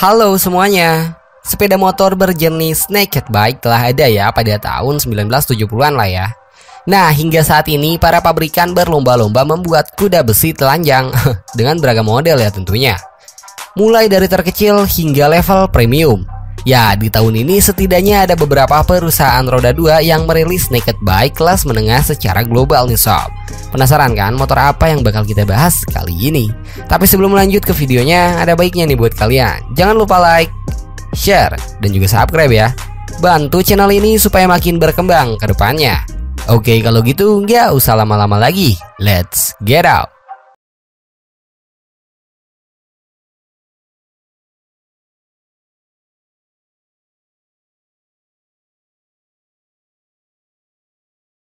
Halo semuanya. Sepeda motor berjenis naked bike telah ada ya pada tahun 1970-an lah ya. Nah, hingga saat ini para pabrikan berlomba-lomba membuat kuda besi telanjang dengan beragam model ya tentunya. Mulai dari terkecil hingga level premium. Ya, di tahun ini setidaknya ada beberapa perusahaan roda 2 yang merilis naked bike kelas menengah secara global nih sob. Penasaran kan motor apa yang bakal kita bahas kali ini? Tapi sebelum lanjut ke videonya, ada baiknya nih buat kalian. Jangan lupa like, share, dan juga subscribe ya. Bantu channel ini supaya makin berkembang ke depannya. Oke, kalau gitu nggak usah lama-lama lagi. Let's get out!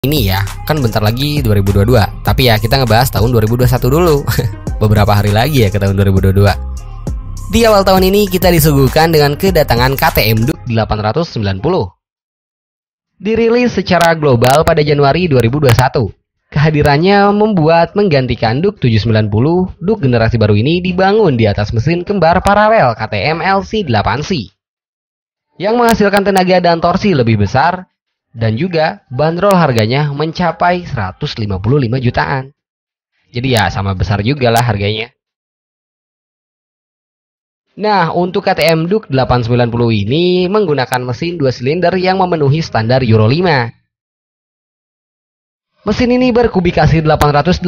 ini ya, kan bentar lagi 2022. Tapi ya kita ngebahas tahun 2021 dulu. Beberapa hari lagi ya ke tahun 2022. Di awal tahun ini kita disuguhkan dengan kedatangan KTM Duke 890. Dirilis secara global pada Januari 2021. Kehadirannya membuat menggantikan Duke 790, Duke generasi baru ini dibangun di atas mesin kembar paralel KTM LC8C. Yang menghasilkan tenaga dan torsi lebih besar dan juga bandrol harganya mencapai 155 jutaan. Jadi ya sama besar juga lah harganya. Nah, untuk KTM Duke 890 ini menggunakan mesin 2 silinder yang memenuhi standar Euro 5. Mesin ini berkubikasi 889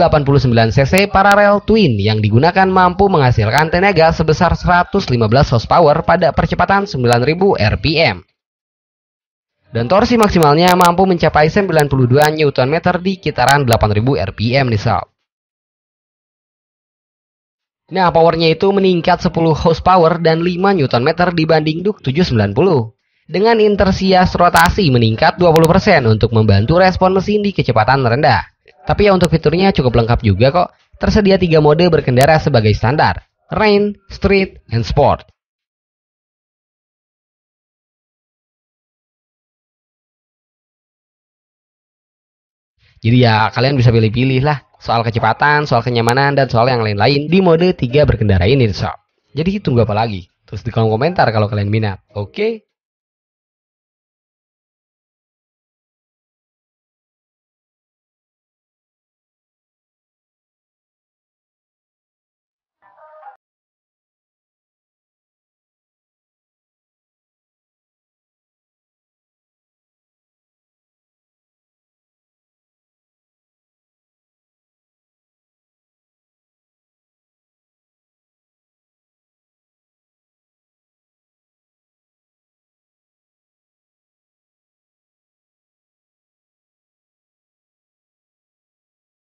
cc paralel twin yang digunakan mampu menghasilkan tenaga sebesar 115 horsepower pada percepatan 9000 rpm dan torsi maksimalnya mampu mencapai 92 Nm di kitaran 8000 rpm nih sob. Nah, powernya itu meningkat 10 horsepower dan 5 Nm dibanding Duke 790. Dengan intersias rotasi meningkat 20% untuk membantu respon mesin di kecepatan rendah. Tapi ya untuk fiturnya cukup lengkap juga kok. Tersedia 3 mode berkendara sebagai standar, Rain, Street, and Sport. Jadi ya kalian bisa pilih-pilih lah soal kecepatan, soal kenyamanan, dan soal yang lain-lain di mode 3 berkendara ini sob. Jadi tunggu apa lagi? Terus di kolom komentar kalau kalian minat. Oke? Okay?